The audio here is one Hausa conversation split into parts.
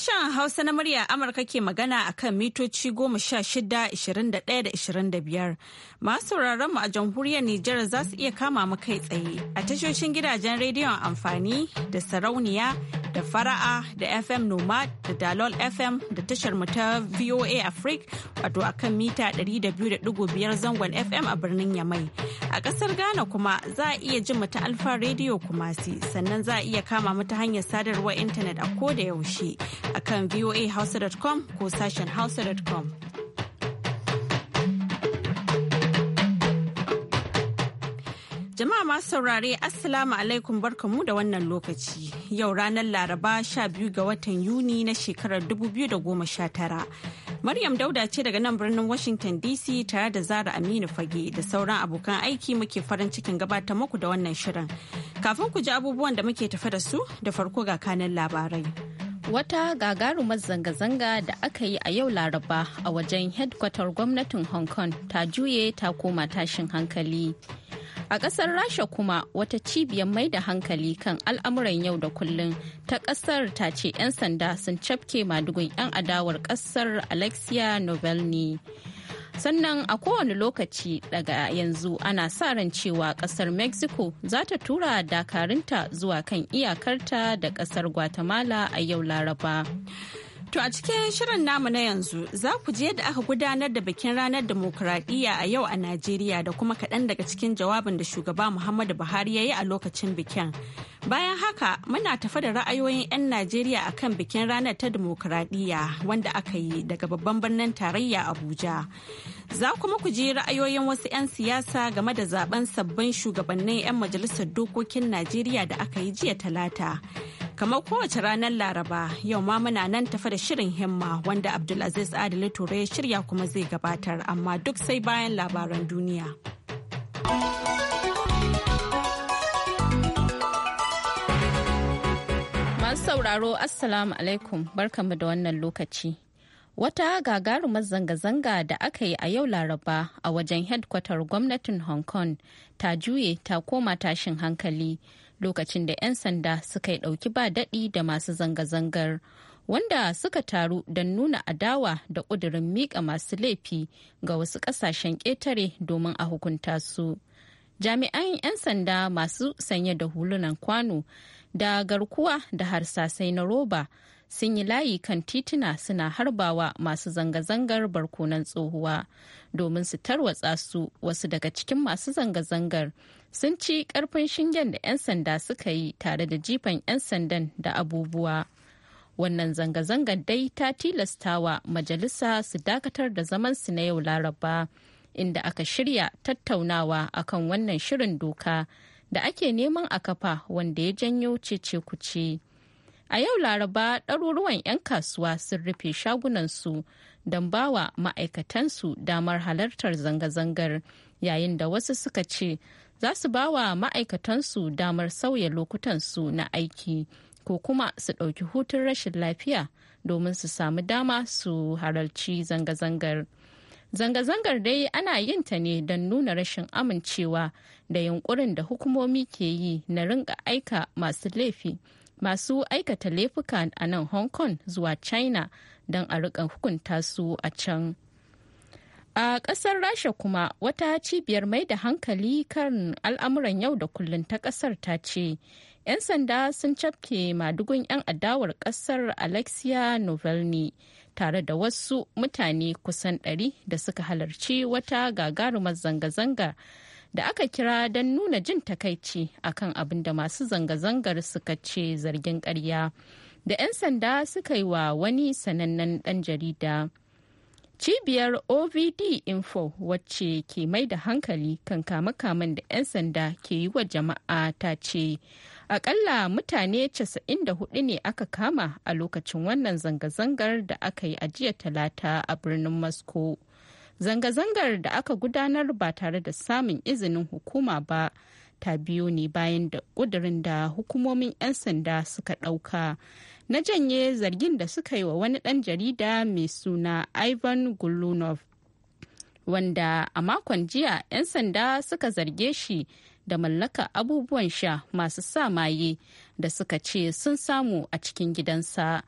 Sashen Hausa na murya Amurka ke magana a kan mitoci goma sha shida, ishirin da da ishirin da biyar. Masu mu a jamhuriyar Nijar za su iya kama mu kai tsaye a tashoshin gidajen rediyon amfani da sarauniya da fara'a da FM Nomad da Dalol FM da tashar mu ta VOA Africa wato a kan mita 200.5 zangon FM a birnin Yamai. A ƙasar Ghana kuma za a iya jin mu ta Alfa rediyo Kumasi sannan za a iya kama mu ta hanyar sadarwar intanet a ko da yaushe akan voahausa.com ko sashen hausa.com. Jama'a masu saurare Assalamu alaikum mu da wannan lokaci. Yau ranar Laraba 12 ga watan Yuni na shekarar 2019. Maryam Dauda ce daga nan birnin Washington DC tare da Zara Aminu Fage da sauran abokan aiki muke farin cikin gabatar muku da wannan shirin. Kafin ku ji abubuwan da muke tafe da su da farko ga kanan labarai. Wata gagarumar zanga-zanga da aka yi a yau Laraba a wajen hedkwatar gwamnatin Hong Kong ta juye ta koma tashin hankali. A ƙasar Rasha kuma wata cibiyar mai da hankali kan al'amuran yau da kullun ta ƙasar ta ce 'yan sanda sun cafke madugun 'yan adawar ƙasar Alexia Novelny. sannan a kowane lokaci daga yanzu ana sa ran cewa kasar mexico za ta tura dakarunta zuwa kan iyakarta da kasar guatemala a yau laraba To a cikin shirin namu na yanzu za ku je da aka gudanar da bikin ranar demokuraɗiyya a yau a Najeriya da kuma kaɗan daga cikin jawabin da shugaba Muhammadu Buhari ya yi a lokacin bikin. Bayan haka muna tafi da ra'ayoyin 'yan Najeriya a kan bikin ranar ta demokuraɗiyya wanda aka yi daga babban birnin tarayya Abuja. Za kuma ku ji ra'ayoyin wasu 'yan siyasa game da zaben sabbin shugabannin 'yan majalisar dokokin Najeriya da aka yi jiya talata. kamar kowace ranar laraba yau ma muna nan tafa da shirin himma wanda abdulaziz adali ture ya shirya kuma zai gabatar amma duk sai bayan labaran duniya masu sauraro assalamu alaikum barkamu da wannan lokaci wata gagarumar zanga-zanga da aka yi a yau laraba a wajen headkwatar gwamnatin hong kong ta juye ta koma tashin hankali lokacin da 'yan sanda suka yi ɗauki ba daɗi da masu zanga-zangar wanda suka taru don nuna adawa da ƙudurin miƙa masu laifi ga wasu ƙasashen ƙetare domin a hukunta su. Jami'an 'yan sanda masu sanye da hulunan kwano da garkuwa da harsasai na roba sun yi layi kan tituna suna harbawa masu zanga-zangar barkonan tsohuwa domin su tarwatsa su wasu daga cikin masu zanga-zangar sun ci karfin shingen da 'yan sanda suka yi tare da jifan 'yan sandan da abubuwa wannan zanga-zangar dai ta tilastawa majalisa su dakatar da zaman su na yau laraba inda aka shirya tattaunawa akan wannan shirin doka da ake neman a kafa wanda ya janyo ce cece kuce. A yau Laraba ɗaruruwan 'yan kasuwa sun rufe shagunansu don bawa ma'aikatansu damar halartar zanga-zangar yayin da wasu suka ce za su bawa ma'aikatansu damar sauya lokutansu na aiki ko kuma su ɗauki hutun rashin lafiya domin su samu dama su halarci zanga-zangar. Zanga-zangar dai ana yin ta ne don nuna rashin amincewa da yunkurin da hukumomi ke yi na ringa aika masu laifi masu aikata laifuka a nan hong kong zuwa china don a rika hukunta su a can a ƙasar rasha kuma wata cibiyar mai da hankali kan al'amuran yau da kullun ta ƙasar ta ce 'yan sanda sun cafke madugun 'yan adawar ƙasar alexia novelny tare da wasu mutane kusan 100 da suka halarci wata gagarumar zanga-zanga da aka kira don nuna jin takaici akan abin da masu zanga-zangar suka ce zargin karya da 'yan sanda suka yi wa wani sanannen ɗan jarida. Cibiyar OVD Info wacce ke mai da hankali kan kame kaman da 'yan sanda ke yi wa jama'a ta ce, akalla mutane 94 ne aka kama a lokacin wannan zanga-zangar da aka yi a jiya talata a birnin Moscow. Zanga-zangar da aka gudanar ba tare da samun izinin hukuma ba ta biyo ne bayan da ƙudurin da hukumomin 'yan sanda suka ɗauka. Na janye zargin da suka yi wa wani ɗan jarida mai suna Ivan Gulunov, wanda a makon jiya 'yan sanda suka zarge shi da mallaka abubuwan sha masu sa maye da suka ce sun samu a cikin gidansa.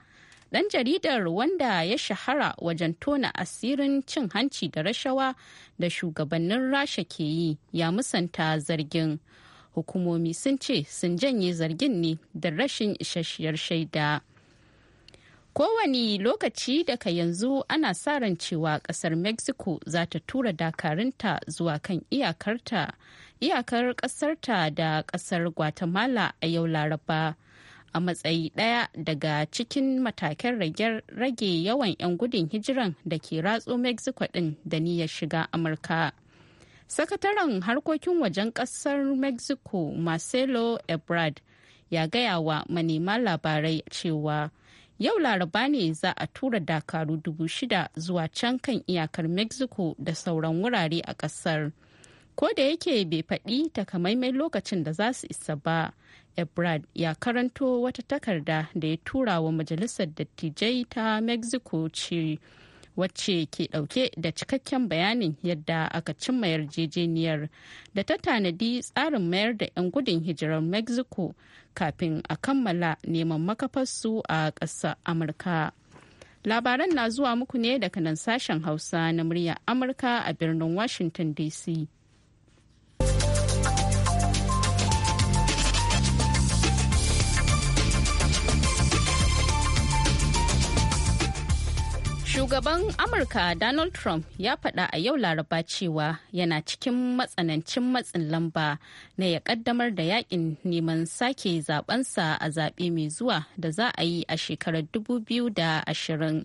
ɗan jaridar wanda ya shahara wajen tona asirin cin hanci da rashawa da shugabannin rasha ke yi ya musanta zargin hukumomi sun ce sun janye zargin ne da rashin isasshiyar shaida kowane lokaci daga yanzu ana sa ran cewa kasar mexico za ta tura dakarunta zuwa kan iyakarta iyakar kasarta da kasar guatemala a yau laraba a matsayi ɗaya daga cikin matakan rage yawan 'yan gudun hijiran da ke ratso mexico ɗin da niyyar shiga amurka sakataren harkokin wajen ƙasar mexico marcelo ebrard ya gaya wa manema labarai cewa yau laraba ne za a tura dakaru dubu shida zuwa can kan iyakar mexico da sauran wurare a ƙasar. ko da yake bai faɗi takamaiman lokacin da za su isa ba ebrard ya karanto wata takarda da ya tura wa majalisar dattijai ta mexico ce wacce ke dauke da cikakken bayanin yadda aka cimma yarjejeniyar da ta tanadi tsarin mayar da 'yan gudun hijirar mexico kafin a kammala neman makafarsu a ƙasa amurka labaran na zuwa muku ne daga nan sashen hausa na murya amurka a birnin washington dc Shugaban Amurka Donald Trump ya faɗa a yau Laraba cewa yana cikin matsanancin matsin lamba na ya ƙaddamar da yakin neman sake zabensa a zaɓe mai zuwa da za a yi a shekarar 2020.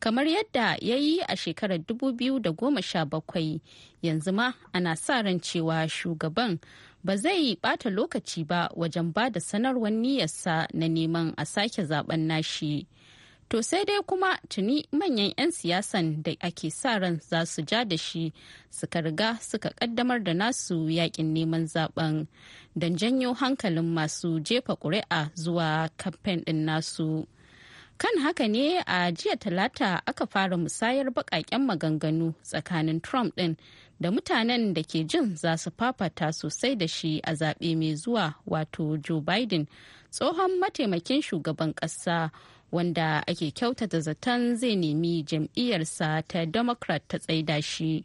Kamar yadda ya yi a shekarar 2017 yanzu ma ana sa ran cewa shugaban ba zai ɓata lokaci ba wajen ba da sanarwar niyyarsa na neman a sake zaben nashi. To sai dai kuma tuni manyan 'yan siyasan da ake sa ran za su ja da shi suka riga suka kaddamar da nasu yakin neman zaben don janyo hankalin masu jefa ƙuri'a zuwa kamfen ɗin nasu. Kan haka ne a jiya talata aka fara musayar baƙaƙen maganganu tsakanin Trump ɗin da mutanen da ke jin za su fafata sosai da shi a zaɓe mai zuwa wato Joe Biden tsohon mataimakin shugaban ƙasa. wanda ake kyautata zaton zai nemi jam'iyyarsa ta democrat ta tsaida shi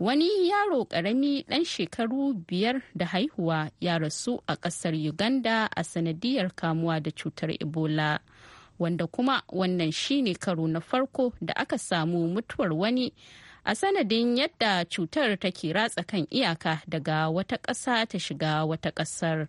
wani yaro karami dan shekaru biyar da haihuwa ya rasu a kasar uganda a sanadiyar kamuwa da cutar ebola wanda kuma wannan shine karo na farko da aka samu mutuwar wani a sanadin yadda cutar take ratsa kan iyaka daga wata ƙasa ta shiga wata ƙasar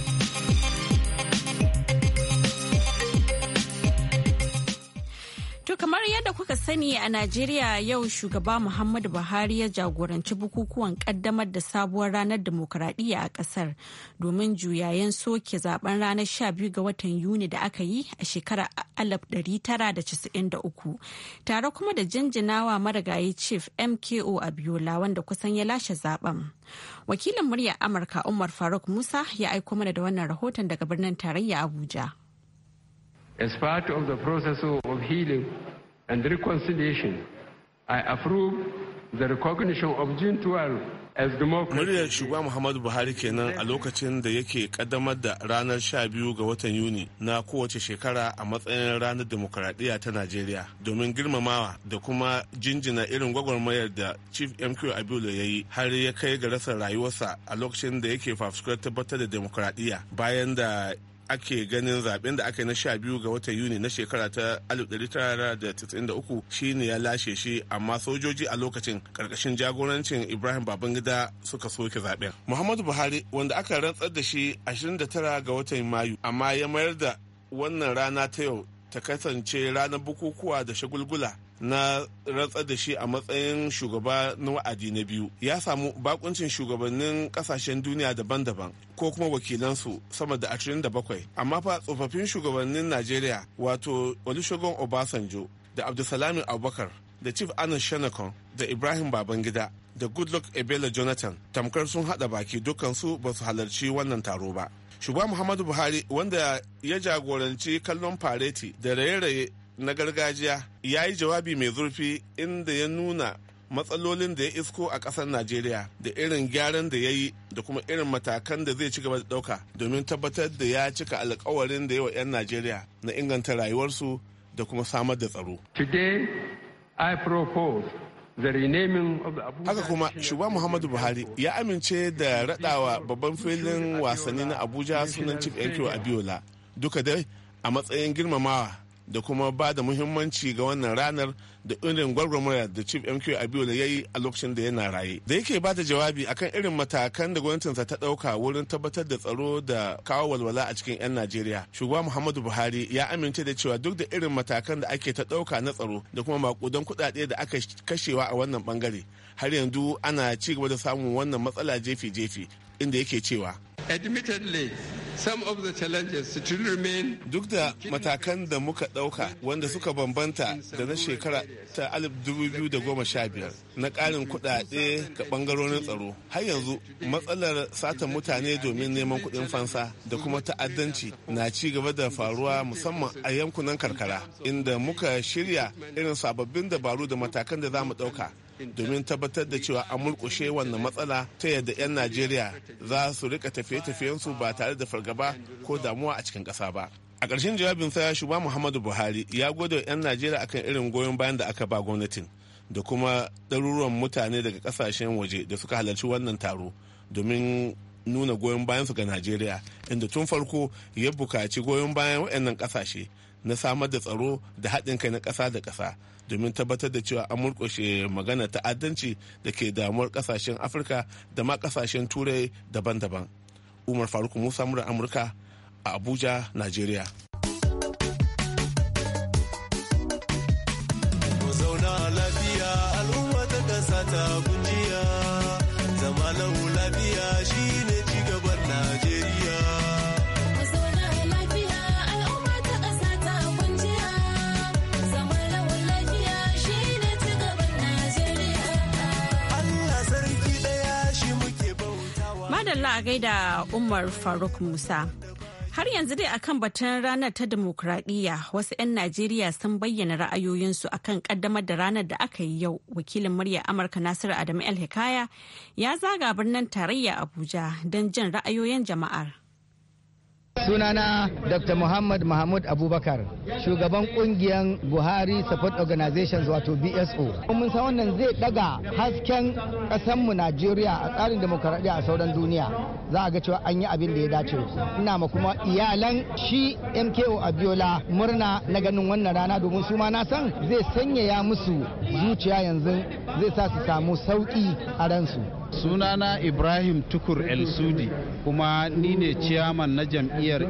To kamar yadda kuka sani a Najeriya yau shugaba Muhammadu Buhari ya jagoranci bukukuwan kaddamar da sabuwar ranar demokuraɗiyya a ƙasar domin juyayen soke zaben ranar 12 ga watan Yuni da aka yi a shekarar 1993 tare kuma da jinjinawa marigayi chief MKO a Abiola wanda kusan ya lashe zaben. Wakilin muryar Amurka Umar Faruk Musa ya aiko mana da wannan rahoton daga birnin tarayya Abuja. As part of the process of healing and reconciliation, I approve the recognition of June 12 as democracy. Muryar shugaba Muhammadu Buhari kenan a lokacin da yake kaddamar da ranar 12 ga watan Yuni na kowace shekara a matsayin ranar demokuraɗiyya ta Najeriya domin girmamawa da kuma jinjina irin gwagwarmayar da Chief MQ Abiola ya yi har ya kai ga rasa rayuwarsa a lokacin da yake fafuskar tabbatar da demokuraɗiyya bayan da ake ganin zaben da aka yi na sha biyu ga watan yuni na shekara ta 1993 shine ya lashe shi amma sojoji a lokacin karkashin jagorancin ibrahim babangida suka soke zaben muhammadu buhari wanda aka rantsar da shi 29 ga watan mayu amma ya mayar da wannan rana ta yau ta kasance ranar bukukuwa da shagulgula na rantsar da shi a matsayin shugaba na wa'adi na biyu ya samu bakuncin shugabannin kasashen duniya daban-daban ko kuma wakilansu sama da 27 amma fa tsofaffin shugabannin najeriya wato olusegun obasanjo da abdulsalami abubakar da chief anan shanakon da ibrahim babangida da goodluck ebele jonathan tamkar sun hada baki dukansu ba su halarci wannan taro ba shugaba muhammadu buhari wanda ya jagoranci kallon fareti da raye-raye na gargajiya ya yi jawabi mai zurfi inda ya nuna matsalolin da ya isko a ƙasar najeriya da irin gyaran da ya yi da kuma irin matakan da zai ci gaba da ɗauka domin tabbatar da ya cika alkawarin da ya wa 'yan najeriya na inganta rayuwarsu da kuma samar da tsaro today Haka kuma shugaban Muhammadu Buhari ya amince da radawa babban filin wasanni na Abuja sunan Chief Enkiwa Abiola duka dai a matsayin girmamawa da kuma ba da muhimmanci ga wannan ranar da irin gwagwarmaya da chief mq abiola ya yi a lokacin da yana raye da yake ba da jawabi akan irin matakan da gwamnatinsa ta ɗauka wurin tabbatar da tsaro da kawo walwala a cikin 'yan najeriya shugaba muhammadu buhari ya amince da cewa duk da irin matakan da ake ta ɗauka na tsaro da kuma makudan kuɗaɗe da aka kashewa a wannan bangare har yanzu ana ci gaba da samun wannan matsala jefi-jefi inda yake cewa Admittedly, some of the challenges still remain. Duk da matakan da muka ɗauka wanda suka bambanta da na shekara ta 2015 na ƙarin kuɗaɗe ga ɓangarorin tsaro, har yanzu matsalar satan mutane domin neman kuɗin fansa da kuma ta'addanci na ci gaba da faruwa musamman a yankunan karkara, inda muka shirya irin sababbin dabaru da matakan da za mu ɗauka domin tabbatar da cewa an mulkushe wannan matsala ta yadda 'yan najeriya za su rika tafiye-tafiyensu ba tare da fargaba ko damuwa a cikin ƙasa ba a ƙarshen jawabin sa shugaba muhammadu buhari ya gode 'yan najeriya akan irin goyon bayan da aka ba gwamnatin da kuma ɗaruruwan mutane daga ƙasashen waje da suka halarci wannan taro domin nuna goyon bayan su ga najeriya inda tun farko ya bukaci goyon bayan waɗannan ƙasashe na samar da tsaro da haɗin kai na ƙasa da ƙasa domin tabbatar da cewa an murƙushe magana ta'addanci da ke damuwar kasashen afirka da ma kasashen turai daban-daban umar faruk musa mura amurka a abuja nigeria zauna lafiya al'umma ta ta a da Umar Faruk Musa. Har yanzu dai akan batun ranar ta demokuraɗiyya wasu 'yan Najeriya sun bayyana ra'ayoyinsu akan kaddamar da ranar da aka yi yau. Wakilin murya Amurka Nasiru Adamu El Hikaya ya zaga birnin tarayya Abuja don jin ra'ayoyin jama'ar. Sunana Dr. Muhammad Mahmud Abubakar, shugaban kungiyar Buhari Support Organizations wato BSO. Mun san wannan zai daga hasken kasanmu Najeriya a tsarin demokaradiyya a sauran duniya. Za a ga cewa an yi abin da ya dace. Ina ma kuma iyalan shi MKO Abiola murna na ganin wannan rana domin su ma na san zai sanyaya musu zuciya yanzu zai sa su samu sauki a ransu. sunana ibrahim tukur el sudi kuma ni ne ciyaman na jam'iyyar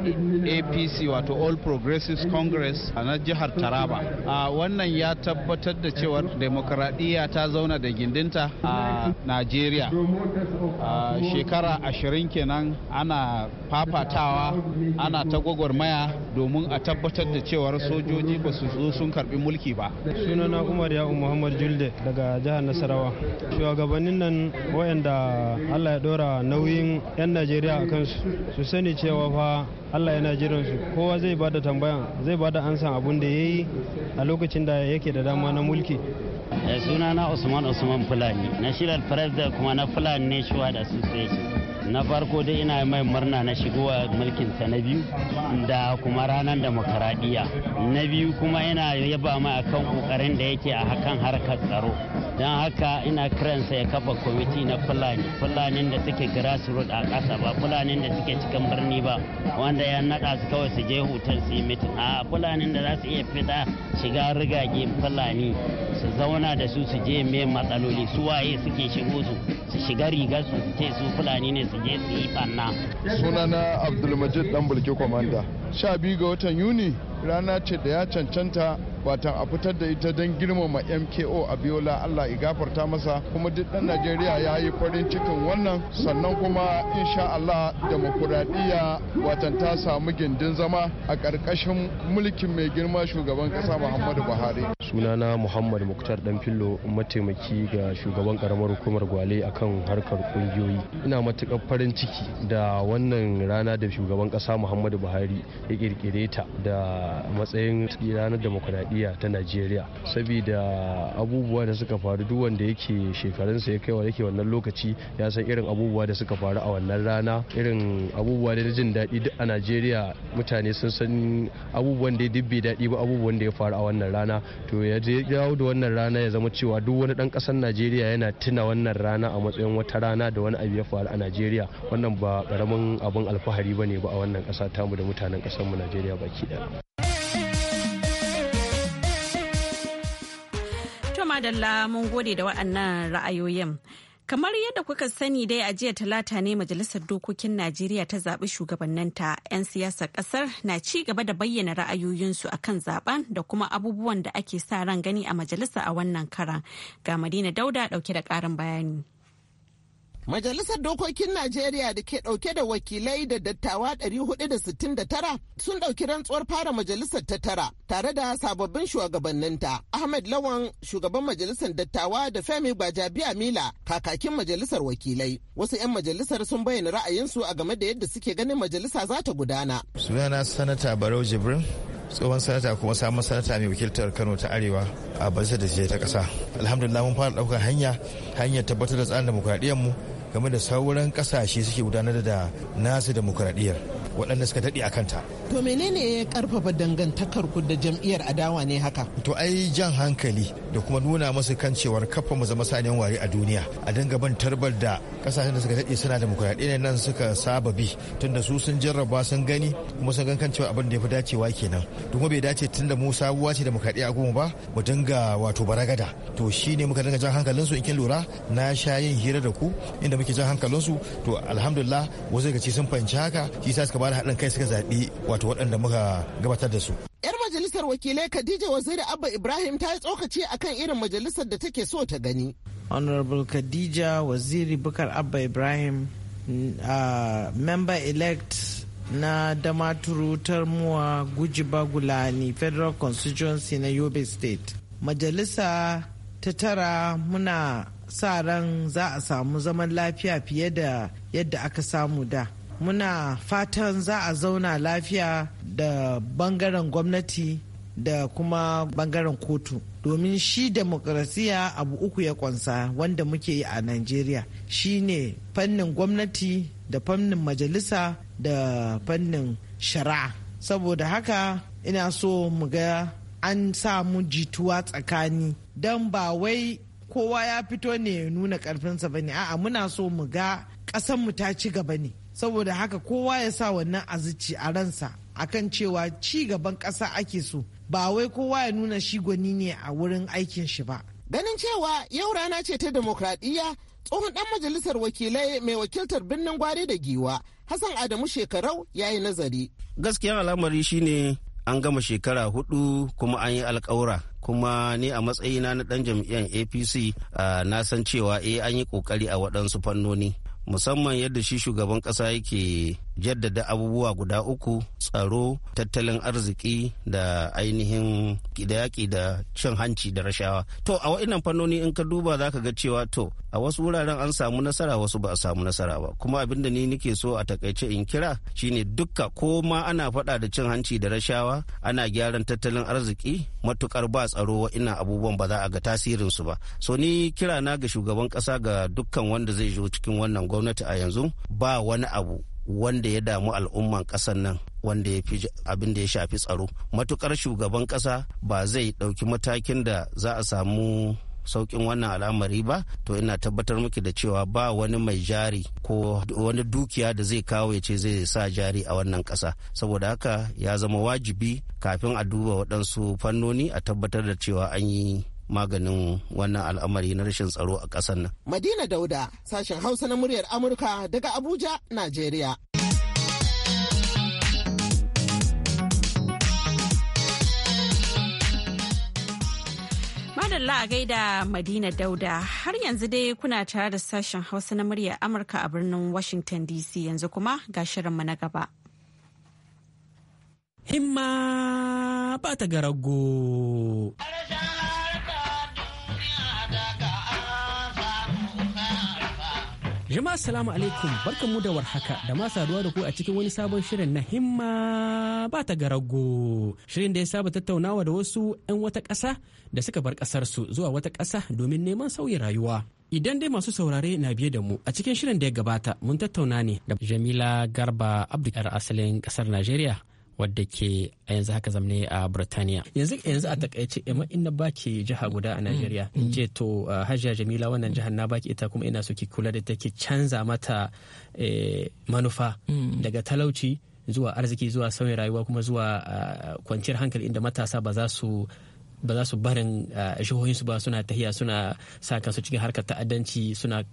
apc wato all progressives congress na jihar taraba a wannan ya tabbatar da cewa demokradiyya ta zauna da gindinta a najeriya a shekara ashirin kenan ana fafatawa ana ta gwagwarmaya domin a tabbatar da cewar sojoji ba su zo sun karbi mulki ba sunana umar ya'u muhammad julde daga jihar nasarawa shugabannin nan waɗanda Allah ya ɗora nauyin 'yan Najeriya a kansu su sani cewa fa Allah yana jiran su kowa zai bada tambaya zai bada ansan abun da ya yi a lokacin da yake da dama na mulki. Eh, suna na Usman Usman Fulani, National President kuma na Fulani ne su sai na farko dai ina mai murna na shigowa mulkinsa na biyu da kuma ranar demokaradiyya na biyu kuma ina yaba mai akan kokarin da yake a hakan harkar tsaro don haka ina kiransa ya kafa kwamiti na fulani fulanin da suke grassroot a ƙasa ba fulanin da suke cikin birni ba wanda ya naɗa su kawai su je hutun su yi mitin a fulanin da za su iya fita shiga rigage fulani su zauna da su su je mai matsaloli su waye suke shigo su su shiga rigar su ce su fulani ne su je su yi banna sunana abdulmajid dan bulke kwamanda. sha biyu ga watan yuni rana ce da ya cancanta watan a fitar da ita don girmama mko a biola allah ya gafarta masa kuma duk dan najeriya ya yi farin cikin wannan sannan kuma insha allah demokuraɗiyya watan ta samu gindin zama a ƙarƙashin mulkin mai girma shugaban ƙasa muhammadu buhari sunana muhammad muktar dan fillo mataimaki ga shugaban ƙaramar hukumar gwale akan harkar ƙungiyoyi ina matuƙar farin ciki da wannan rana da shugaban ƙasa muhammadu buhari ya ƙirƙire ta da a matsayin ranar demokuraɗiyya ta najeriya saboda abubuwa da suka faru duk wanda yake shekarunsa ya kaiwa yake wannan lokaci ya san irin abubuwa da suka faru a wannan rana irin abubuwa da jin daɗi duk a najeriya mutane sun san abubuwan da ya dubbe daɗi ba abubuwan da ya faru a wannan rana to ya je dawo da wannan rana ya zama cewa duk wani ɗan ƙasar najeriya yana tuna wannan rana a matsayin wata rana da wani abu ya faru a najeriya wannan ba ƙaramin abin alfahari ba ne ba a wannan ƙasa tamu da mutanen mu najeriya baki ɗaya madalla mun gode da wa'annan ra'ayoyin. Kamar yadda kuka sani dai a jiya talata ne Majalisar Dokokin Najeriya ta zaɓi shugabanninta 'yan siyasar ƙasar na ci gaba da bayyana ra'ayoyinsu a kan zaɓen da kuma abubuwan da ake sa ran gani a majalisa a wannan karan. Ga Madina Dauda ɗauke da ƙarin bayani. Majalisar Dokokin Najeriya da ke ɗauke da wakilai da dattawa 469 sun ɗauki rantsuwar fara majalisar ta tara tare da sababbin shugabanninta. Ahmed Lawan shugaban majalisar dattawa da Femi Bajabi amila kakakin majalisar wakilai. Wasu 'yan majalisar sun bayyana ra'ayinsu a game da yadda suke ganin majalisa za ta gudana. Sunana Sanata Barau Jibrin tsohon sanata kuma samun sanata mai wakiltar kano ta arewa a bazar da ta kasa alhamdulillah mun fara ɗaukar hanya hanyar tabbatar da tsarin demokradiyyar mu game da sauran kasashe suke gudanar da nasu demokradiyyar waɗanda suka daɗe a kanta. To menene ya karfafa dangantakar ku da jam'iyyar adawa ne haka? To ai jan hankali da kuma nuna masu kan cewar kafa mu zama saniyan ware a duniya a dinga ban tarbar da kasashen da suka daɗe suna demokuraɗiyya nan suka saba bi tunda su sun jarraba sun gani kuma sun gan kan cewa abin da ya fi dacewa kenan kuma bai dace da mu sabuwa ce demokuraɗiyya a goma ba mu dinga wato baragada to shine muka dinga jan hankalin su in kin lura na sha yin hira da ku inda muke jan hankalin su to alhamdulillah wasu daga ci sun fahimci haka shi sa suka ba da haɗin kai suka zaɓi wato waɗanda muka gabatar da su. Yar majalisar wakilai Khadija Waziri Abba Ibrahim ta yi tsokaci akan irin majalisar da take so ta gani. Honorable Khadija Waziri Bukar Abba Ibrahim uh, member elect na Damaturu Tarmuwa Gujiba Gulani Federal Constituency na Yobe State. Majalisa ta tara muna sa ran za a samu zaman lafiya fiye da yadda aka samu da. muna fatan za a zauna lafiya da bangaren gwamnati da kuma bangaren kotu domin shi demokrasiya abu uku ya kwansa wanda muke yi a najeriya shine fannin gwamnati da fannin majalisa da fannin shari'a saboda haka ina so mu ga an samu jituwa tsakani don ba wai kowa ya fito ne ya nuna karfinsa ba ne a'a muna so mu ga ƙasanmu ta ci gaba ne saboda haka kowa ya sa wannan a ransa a ransa akan cewa ci gaban ƙasa ake so ba wai kowa ya nuna shi gwani ne a wurin aikin shi ba ganin cewa yau rana ce ta demokradiyya tsohon dan majalisar wakilai mai wakiltar birnin gwari da giwa hassan adamu shekarau ya yi nazari gaskiyan al'amari shine an gama shekara hudu kuma an yi alkawura kuma ni a matsayina na dan jam'iyyar apc ah, na san cewa eh an yi kokari a waɗansu fannoni musamman yadda shi shugaban ƙasa yake jaddada abubuwa guda uku tsaro tattalin arziki da ainihin yaƙi da cin hanci da rashawa to a wa'innan fannoni in ka duba za ka ga cewa to a wasu wuraren an samu nasara wasu ba a samu nasara ba kuma abin da ni nake so a takaice in kira shine duka ko ma ana faɗa da cin hanci da rashawa ana gyaran tattalin arziki matukar ba tsaro wa'innan abubuwan ba za a ga tasirin su ba so ni kira na ga shugaban ƙasa ga dukkan wanda zai zo cikin wannan gwamnati a yanzu ba wani abu wanda ya damu al'umman ƙasar nan wanda ya fi abin da ya shafi tsaro matukar shugaban ƙasa ba zai ɗauki matakin da za a samu sauƙin wannan al'amari ba to ina tabbatar miki da cewa ba wani mai jari ko wani dukiya da zai kawo ya ce zai sa jari a wannan ƙasa saboda haka ya zama wajibi kafin a duba waɗansu fannoni a tabbatar da cewa an yi maganin wannan al'amari na rashin tsaro a ƙasar nan. Madina Dauda, sashen Hausa na muryar Amurka daga Abuja, Najeriya. Madalla a gaida Madina Dauda har yanzu dai kuna tare da sashen Hausa na muryar Amurka a birnin Washington DC yanzu kuma ga shirinmu na gaba. Himma ba ta garago. Jama'a salamu alaikum barkanmu da warhaka da ma saduwa da ku a cikin wani sabon shirin na himma ba ta garago. Shirin da ya saba tattaunawa da wasu 'yan wata ƙasa da suka bar ƙasarsu zuwa wata ƙasa domin neman sauyin rayuwa. Idan dai masu saurare na biye da mu a cikin shirin da ya gabata mun tattauna ne da Jamila Garba Abdu asalin ƙasar Najeriya wadda ke a yanzu haka zamne a Burtaniya. Yanzu yanzu a takaice amma in na baki jiha guda a Najeriya mm. in mm. ce to uh, Hajiya Jamila wannan jihar na baki ita kuma ina so ki kula da take canza mata eh, manufa mm. daga talauci zuwa arziki zuwa sauyin rayuwa kuma zuwa uh, kwanciyar hankali inda matasa ba za su ba za su barin jihohin su ba suna tahiya suna sa kansu cikin harkar ta'addanci suna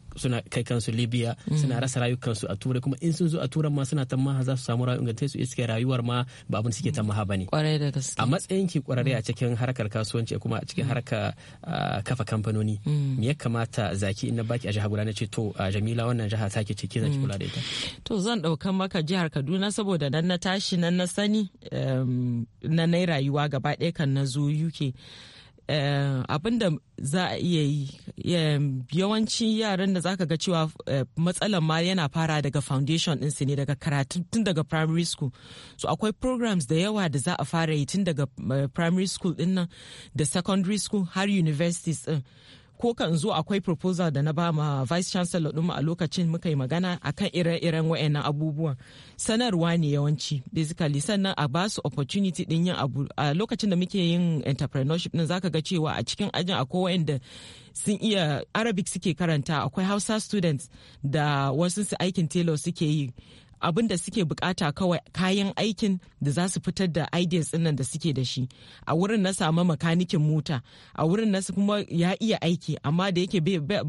kai kansu libya suna mm. rasa rayukansu a turai kuma in sun zo a turan ma suna tamma za su samu rayu inganta su iske rayuwar ma ba abin suke tamma ba ne a matsayin ki kwararre a cikin harkar kasuwanci kuma a cikin mm. harkar kafa kamfanoni mm. me ya kamata zaki in na baki a jihar guda na ce to jamila wannan ta take ce ke zaki kula da ita to zan daukan maka jihar kaduna saboda nan na tashi nan na sani na nai rayuwa gaba ɗaya kan na zo uk Eh, abin da za a iya yi yawancin yaran da zaka ga cewa eh, matsalar ma yana fara daga foundation ɗinsu ne daga karatu tun daga primary school so akwai programs da yawa da za a fara yi tun daga eh, primary school ɗin nan da secondary school har universities ɗin ko kan zo akwai proposal da na ba ma vice chancellor ɗinmu a lokacin muka yi magana akan ire-iren wayannan abubuwan sanarwa ne yawanci basically sannan a ba su opportunity din yin abu a lokacin da muke yin entrepreneurship din zaka ga cewa a cikin ajin akwai wa'anda sun iya arabic suke karanta akwai hausa students da wasu su aikin tailor suke yi abin da suke bukata kawai kayan aikin da za su fitar da ideas nan da suke da shi a wurin na samu makanikin mota a wurin na kuma ya iya aiki amma da yake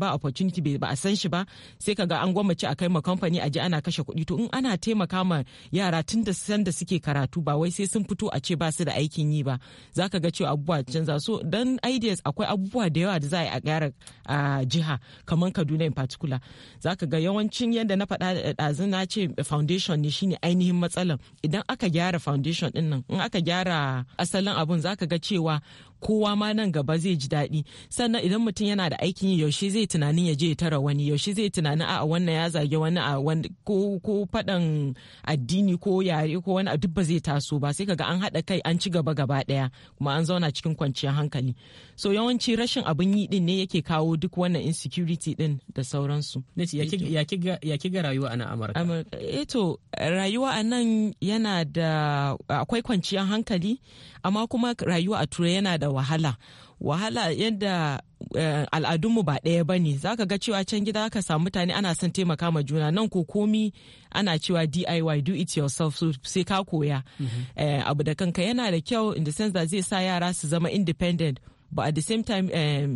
ba opportunity ba a san shi ba sai kaga an gwamnati a kai ma kamfani a ji ana kashe kuɗi to in ana taimaka ma yara tun da san da suke karatu ba wai sai sun fito a ce ba su da aikin yi ba za ka ga cewa abubuwa canza so dan ideas akwai abubuwa da yawa da za a a gyara a jiha kamar kaduna in particular za ka ga yawancin yadda na faɗa eh, ɗazu na ce eh, foundation ne shine ainihin matsalan idan aka gyara foundation din in aka gyara asalin abun zaka ga cewa kowa ma nan gaba zai ji daɗi sannan idan mutum yana da aikin yi yaushe zai tunanin ya je ya tara wani yaushe zai tunanin a wannan ya zage wani a ko ko faɗan addini ko yare ko wani duk ba zai taso ba sai kaga an haɗa kai an ci gaba gaba ɗaya kuma an zauna cikin kwanciyar hankali so yawanci rashin abin yi din ne yake kawo duk wannan insecurity din da sauransu. ya ga rayuwa a nan Amurka? Eto eh rayuwa a nan yana da akwai kwanciyar hankali amma kuma rayuwa a turai yana da wahala wahala yadda uh, al'adunmu ba ɗaya ba ne za ka ga cewa can gida ka samu mutane ana son taimaka ma juna nan ko komi ana cewa diy do it yourself so sai ka koya mhm. eh, abu da kanka yana da kyau in the sense da zai sa yara su zama independent but at the same time eh,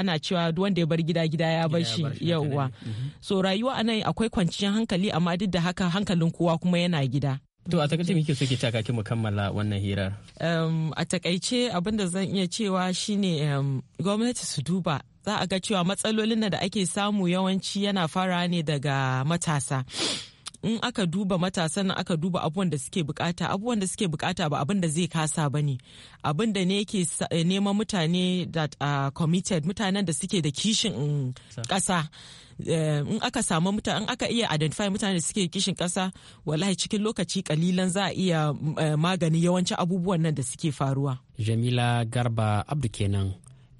ana cewa wanda ya bar gida gida ya bar shi yauwa mhm. so rayuwa anan akwai kwanciyar hankali amma duk da haka hankalin kowa kuma yana gida To a takaice muke so ke ta mu kammala wannan hirar. Um, a takaice abin da zan iya cewa shine um, gwamnati su duba za a ga cewa matsalolin da ake samu yawanci yana fara ne daga matasa. in aka duba matasan aka duba abubuwan da suke bukata abubuwan da suke bukata ba abin da zai kasa ba ne abin da ne yake eh, neman mutane that are committed mutanen da suke da kishin kasa eh, in aka samu mutane in aka iya identify mutane da suke kishin kasa wallahi cikin lokaci kalilan za a iya eh, magani yawancin abubuwan nan da suke faruwa jamila garba abdu kenan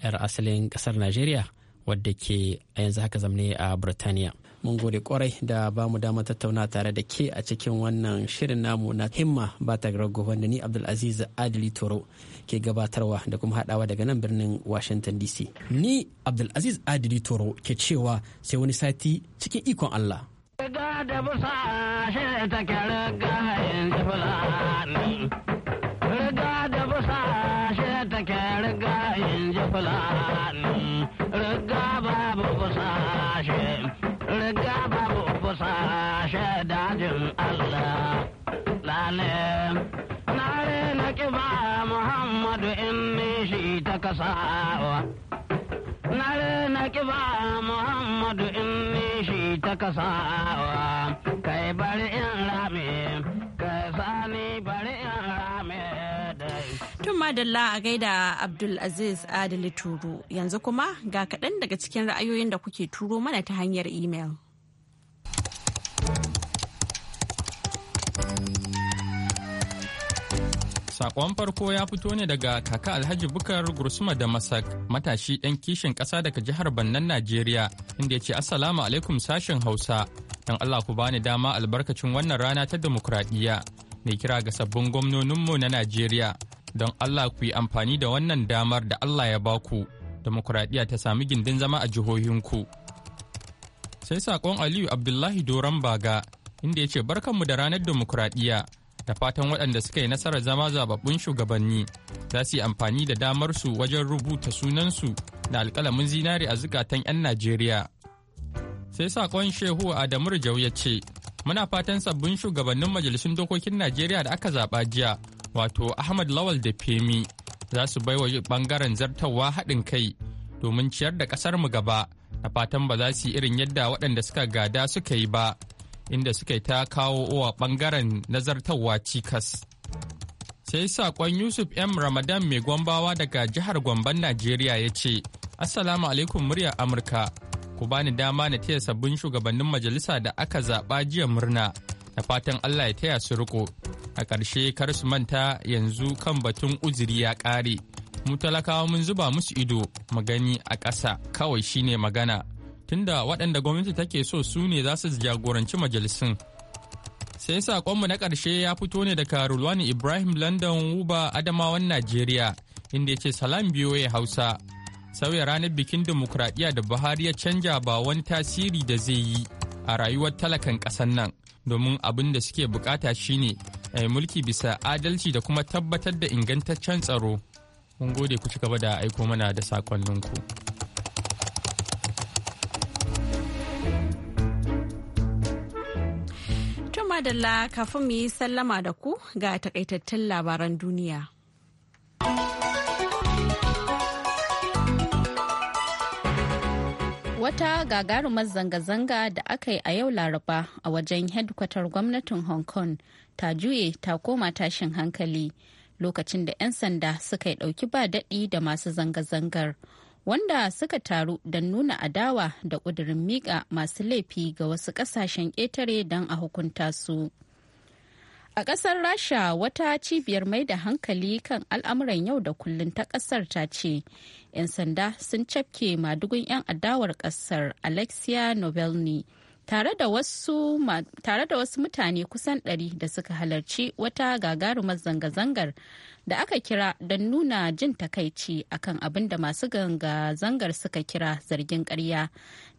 yar asalin kasar najeriya wadda ke a yanzu haka zamne a burtaniya mun gode kwarai da ba mu dama tattauna tare da ke a cikin wannan shirin namu na himma ba ta wanda ni abdulaziz adili toro ke gabatarwa da kuma hadawa daga nan birnin washington dc ni abdulaziz adili toro ke cewa sai wani sati cikin ikon allah Riga da riga babu kusa shaidajin Allah lale. Nare na kiba Muhammadu in shi ta kasawa. Nare na kiba Muhammadu in shi ta kasawa. Kai bari in rana. madalla a gaida Abdulaziz Adili Turo. Yanzu kuma ga kaɗan daga cikin ra'ayoyin da kuke turo mana ta hanyar imel. Sakon farko ya fito ne daga kaka Alhaji Bukar Gursuma da Masak, matashi ɗan kishin ƙasa daga jihar Bannan Najeriya, inda ya ce Assalamu alaikum sashen Hausa, don Allah ku bani dama albarkacin wannan rana ta demokradiyya. Mai kira ga sabbin gwamnoninmu na Najeriya, don Allah ku yi amfani da wannan damar da Allah ya baku demokuraɗiyya ta sami gindin zama a jihohinku. Sai saƙon Aliyu Abdullahi Doron Baga inda ya ce barkanmu da ranar demokuraɗiyya da fatan waɗanda suka yi nasarar zama zababbun shugabanni za su yi amfani da damar su wajen rubuta sunansu da alƙalamin zinari a zukatan 'yan Najeriya. Sai saƙon Shehu Adamu Rijau ya ce, Muna fatan sabbin shugabannin majalisun dokokin Najeriya da aka zaɓa jiya wato ahmad lawal da femi za su baiwa bangaren zartawa haɗin kai domin ciyar da ƙasar mu gaba a fatan ba za su yi irin yadda waɗanda suka gada suka yi ba inda suka yi ta kawo wa bangaren nazartarwa cikas sai saƙon yusuf m ramadan mai gwambawa daga jihar gwamban najeriya ya ce assalamu alaikum muryar amurka ku bani dama na taya sabbin shugabannin majalisa da aka zaɓa jiya murna da fatan Allah ya taya su riko a ƙarshe kar su manta yanzu kan batun uzuri ya ƙare mu talakawa mun zuba musu ido magani a ƙasa kawai shine magana tunda waɗanda gwamnati take so su ne za su jagoranci majalisun sai saƙonmu na ƙarshe ya fito ne daga rulwani ibrahim london wuba adamawan najeriya inda ya ce salam ya hausa sauya ranar bikin dimokuraɗiyya da buhari ya canja ba wani tasiri da zai yi a rayuwar talakan ƙasar nan domin abin da suke bukata shine a eh, yi mulki bisa adalci da kuma tabbatar da ingantaccen tsaro mun gode ku ci gaba da aiko mana da sakonninku madalla kafin mu yi sallama da ku ga takaitattun labaran duniya. Wata gagarumar zanga-zanga da aka yi a yau Laraba a wajen hedkwatar gwamnatin Hong Kong ta juye ta koma tashin hankali lokacin da 'yan sanda suka yi ɗauki ba daɗi da masu zanga-zangar wanda suka taru don nuna adawa da ƙudurin miƙa masu laifi ga wasu ƙasashen ƙetare don a hukunta su. A ƙasar Rasha wata cibiyar mai da hankali kan al'amuran yau da kullun ta ƙasar ta ce, 'yan sanda sun cafke madugun 'yan adawar ƙasar Alexia Novelny tare da wasu mutane kusan ɗari da suka halarci wata gagarumar zanga-zangar da aka kira don nuna jin takaici akan abin da masu ganga zangar suka kira zargin ƙarya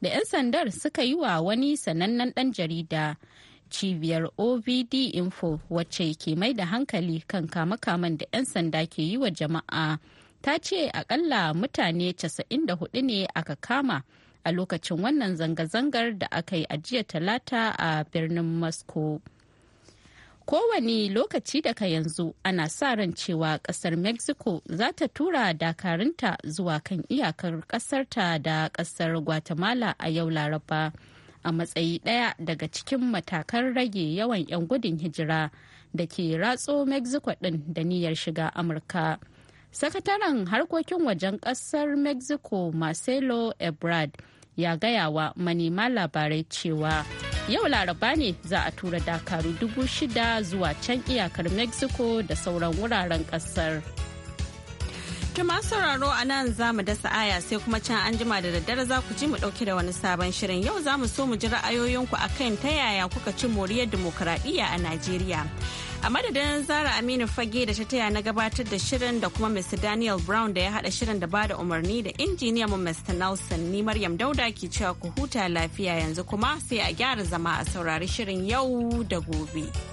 da 'yan sandar suka yi wa wani sanannen ɗan jarida. cibiyar OVD info wacce ke mai da hankali kan kama-kaman da 'yan sanda ke yi wa jama'a ta ce akalla mutane 94 ne aka kama a lokacin wannan zanga-zangar da aka yi a jiya talata a birnin moscow kowane lokaci daga yanzu ana sa ran cewa kasar mexico za ta tura dakarunta zuwa kan iyakar kasarta da kasar guatemala a yau laraba a matsayi ɗaya daga cikin matakan rage yawan 'yan gudun hijira da ke ratso mexico ɗin da niyyar shiga amurka sakataren harkokin wajen ƙasar mexico marcelo ebrard ya gaya wa manema labarai cewa yau laraba ne za a tura dakaru dubu shida zuwa can iyakar mexico da sauran wuraren ƙasar. Tuma sauraro a nan za mu dasa aya sai kuma can an jima da daddare za ku ji mu ɗauki da wani sabon shirin yau za mu so mu ji ra'ayoyinku a kan ta yaya kuka ci moriyar dimokuraɗiyya a Najeriya. A madadin Zara Aminu Fage da ta taya na gabatar da shirin da kuma Mr. Daniel Brown da ya haɗa shirin da ba da umarni da injiniya mu Mr. Nelson ni Maryam Dauda ke cewa ku huta lafiya yanzu kuma sai a gyara zama a saurari shirin yau da gobe.